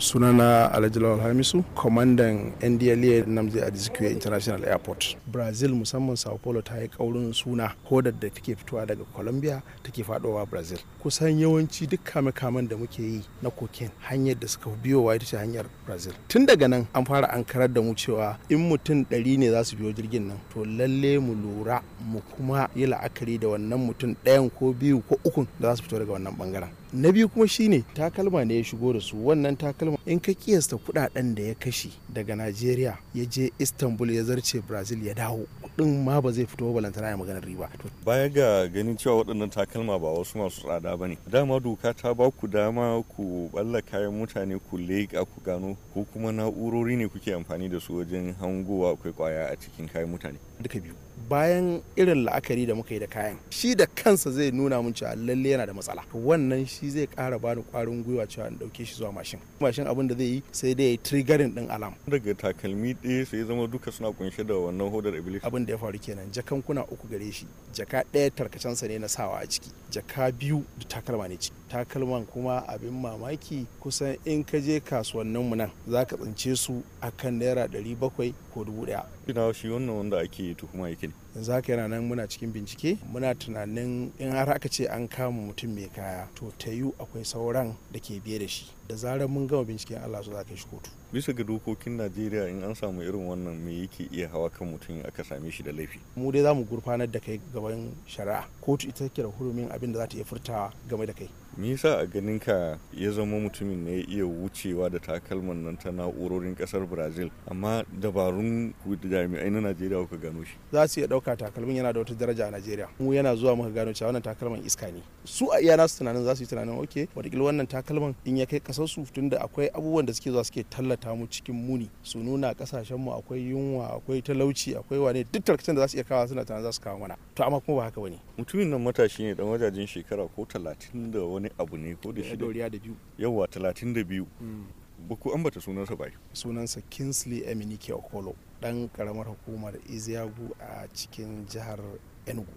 sunana alhaji lawal hamisu kwamandan ndla namdi azikiwe international airport brazil musamman sao paulo ta yi kaurin suna hodar da take fitowa daga colombia take fadowa brazil kusan yawanci duk kame-kamen da muke yi na koken hanyar da suka biyowa ita ce hanyar brazil tun daga nan an fara ankarar da mu cewa in mutum ɗari ne za su biyo jirgin nan to lalle mu lura mu kuma yi la'akari da wannan mutum ɗayan ko biyu ko ukun da za su fito daga wannan bangaren na biyu kuma shine takalma ne ya shigo da su wannan takalma kalma in ka kiyasta kudaden da ya kashe daga Najeriya ya je Istanbul ya zarce Brazil ya dawo kudin ma ba zai fito balantana ya maganar riba. Baya ga ganin cewa waɗannan takalma ba wasu masu tsada ba ne. Dama doka ta ba ku dama ku balla kayan mutane ku leƙa ku gano ko kuma na'urori ne kuke amfani da su wajen hangowa akwai kwaya a cikin kayan mutane. Duka biyu. bayan irin la'akari da muka yi da kayan shi da kansa zai nuna mun cewa lalle yana da matsala wannan shi zai kara bani kwarin gwiwa cewa in dauke shi zuwa mashin hasashen abin da zai yi sai dai ya yi triggering din alam daga takalmi ɗaya sai zama duka suna kunshe da wannan hodar iblis abin da ya faru kenan jakan kuna uku gare shi jaka ɗaya tarkacensa ne na sawa a ciki jaka biyu da takalma ne ciki takalman kuma abin mamaki kusan in ka je kasuwanninmu nan za ka tsince su akan naira bakwai ko dubu ɗaya ina shi wannan wanda ake tuhuma yake ne yanzu haka yana nan muna cikin bincike muna tunanin in har aka ce an kama mutum mai kaya to ta yiwu akwai sauran da ke biye da shi da zarar mun gama binciken Allah su za ka shi kotu bisa ga dokokin Najeriya in an samu irin wannan me yake iya hawa kan mutum aka same shi da laifi mu dai za mu gurfanar da kai gaban shari'a kotu ita take da hurumin abin da za ta iya furtawa game da kai me sa a ganin ka ya zama mutumin ne iya wucewa da takalman nan ta na'urorin kasar brazil amma dabarun jami'ai na najeriya ka gano shi za su iya ɗauka takalmin yana da wata daraja a najeriya mu yana zuwa muka gano cewa wannan takalman iska ne su a iya su tunanin za su yi tunanin ok watakila wannan takalman in ya kai kasar su da akwai abubuwan da suke zuwa suke tallata mu cikin muni su nuna kasashen mu akwai yunwa akwai talauci akwai wane duk tarkacin da za su iya kawo suna tunanin za su kawo mana to amma kuma ba haka bane mutumin nan matashi ne dan wajajen shekara ko talatin da wani abu ne ko da shi da biyu yawa talatin da biyu hmm. buku bata sunansa bai sunansa kinsley eminike okolo dan karamar hukumar iziyagu a cikin jihar enugu